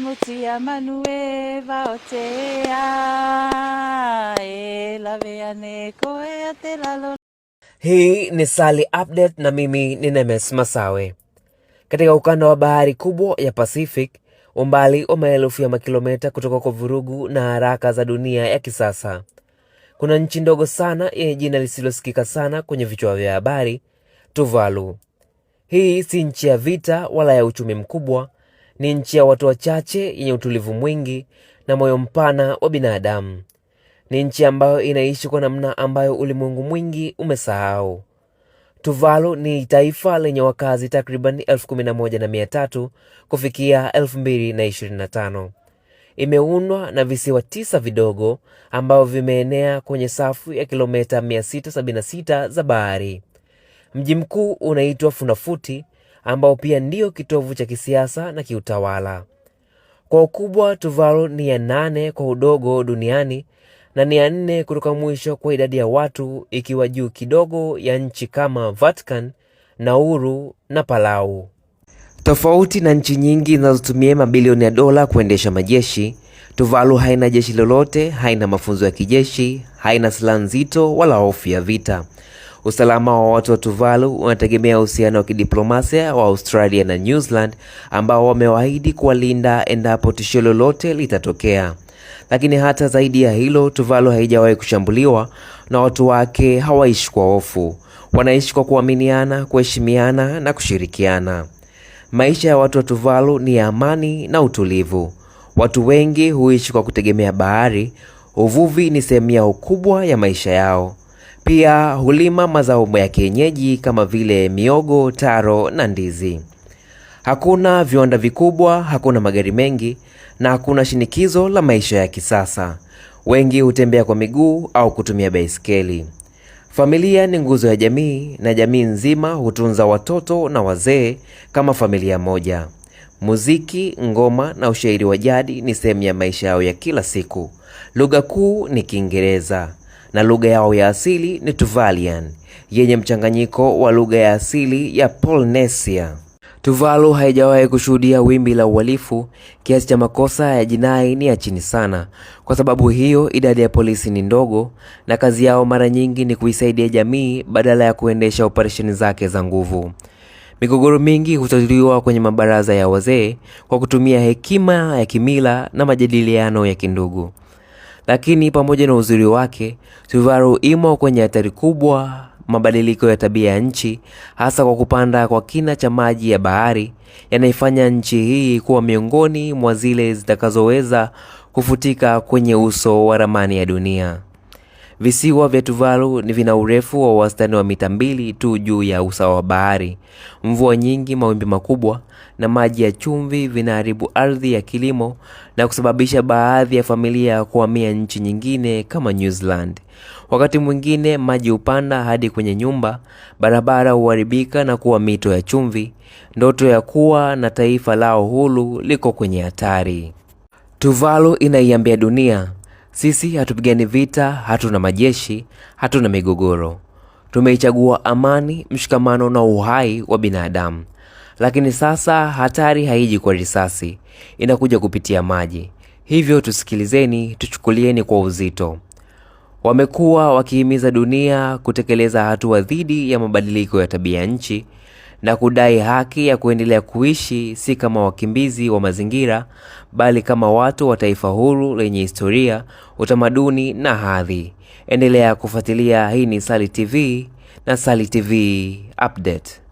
mutia manueva o te a e la vea ne a te lalo. Hii ni Sali Update na mimi ni Nemes Masawe. Katika ukanda wa bahari kubwa ya Pacific, umbali wa maelfu ya makilometa kutoka kwa vurugu na haraka za dunia ya kisasa, kuna nchi ndogo sana yenye jina lisilosikika sana kwenye vichwa vya habari, Tuvalu. Hii si nchi ya vita wala ya uchumi mkubwa, ni nchi ya watu wachache yenye utulivu mwingi na moyo mpana wa binadamu. Ni nchi ambayo inaishi kwa namna ambayo ulimwengu mwingi umesahau. Tuvalu ni taifa lenye wakazi takriban elfu kumi na moja na mia tatu kufikia elfu mbili na ishirini na tano. Imeundwa na visiwa tisa vidogo ambavyo vimeenea kwenye safu ya kilometa 676 za bahari. Mji mkuu unaitwa Funafuti ambao pia ndiyo kitovu cha kisiasa na kiutawala. Kwa ukubwa, Tuvalu ni ya nane kwa udogo duniani na ni ya nne kutoka mwisho kwa idadi ya watu, ikiwa juu kidogo ya nchi kama Vatican, Nauru na Palau. Tofauti na nchi nyingi zinazotumia mabilioni ya dola kuendesha majeshi, Tuvalu haina jeshi lolote, haina mafunzo ya kijeshi, haina silaha nzito wala hofu ya vita. Usalama wa watu wa Tuvalu unategemea uhusiano wa kidiplomasia wa Australia na New Zealand ambao wamewaahidi kuwalinda endapo tishio lolote litatokea. Lakini hata zaidi ya hilo, Tuvalu haijawahi kushambuliwa na watu wake hawaishi kwa hofu, wanaishi kwa kuaminiana, kuheshimiana na kushirikiana. Maisha ya watu wa Tuvalu ni ya amani na utulivu. Watu wengi huishi kwa kutegemea bahari, uvuvi ni sehemu yao kubwa ya maisha yao. Pia hulima mazao ya kienyeji kama vile miogo, taro na ndizi. Hakuna viwanda vikubwa, hakuna magari mengi na hakuna shinikizo la maisha ya kisasa. Wengi hutembea kwa miguu au kutumia baiskeli. Familia ni nguzo ya jamii na jamii nzima hutunza watoto na wazee kama familia moja. Muziki, ngoma na ushairi wa jadi ni sehemu ya maisha yao ya kila siku. Lugha kuu ni Kiingereza na lugha yao ya asili ni Tuvalian yenye mchanganyiko wa lugha ya asili ya Polynesia. Tuvalu haijawahi kushuhudia wimbi la uhalifu, kiasi cha makosa ya jinai ni ya chini sana. Kwa sababu hiyo, idadi ya polisi ni ndogo na kazi yao mara nyingi ni kuisaidia jamii badala ya kuendesha operesheni zake za nguvu. Migogoro mingi hutatuliwa kwenye mabaraza ya wazee kwa kutumia hekima ya kimila na majadiliano ya kindugu lakini pamoja na uzuri wake, Subaru imo kwenye hatari kubwa mabadiliko ya tabia ya nchi, hasa kwa kupanda kwa kina cha maji ya bahari, yanaifanya nchi hii kuwa miongoni mwa zile zitakazoweza kufutika kwenye uso wa ramani ya dunia. Visiwa vya Tuvalu ni vina urefu wa wastani wa mita mbili tu juu ya usawa wa bahari. Mvua nyingi, mawimbi makubwa na maji ya chumvi vinaharibu ardhi ya kilimo na kusababisha baadhi ya familia kuhamia nchi nyingine kama New Zealand. Wakati mwingine maji hupanda hadi kwenye nyumba, barabara huharibika na kuwa mito ya chumvi. Ndoto ya kuwa na taifa lao huru liko kwenye hatari. Tuvalu inaiambia dunia sisi hatupigani vita, hatuna majeshi, hatuna migogoro. Tumeichagua amani, mshikamano na uhai wa binadamu. Lakini sasa hatari haiji kwa risasi, inakuja kupitia maji. Hivyo tusikilizeni, tuchukulieni kwa uzito. Wamekuwa wakihimiza dunia kutekeleza hatua dhidi ya mabadiliko ya tabia nchi na kudai haki ya kuendelea kuishi si kama wakimbizi wa mazingira bali kama watu wa taifa huru lenye historia, utamaduni na hadhi. Endelea kufuatilia. Hii ni Sali TV na Sali TV Update.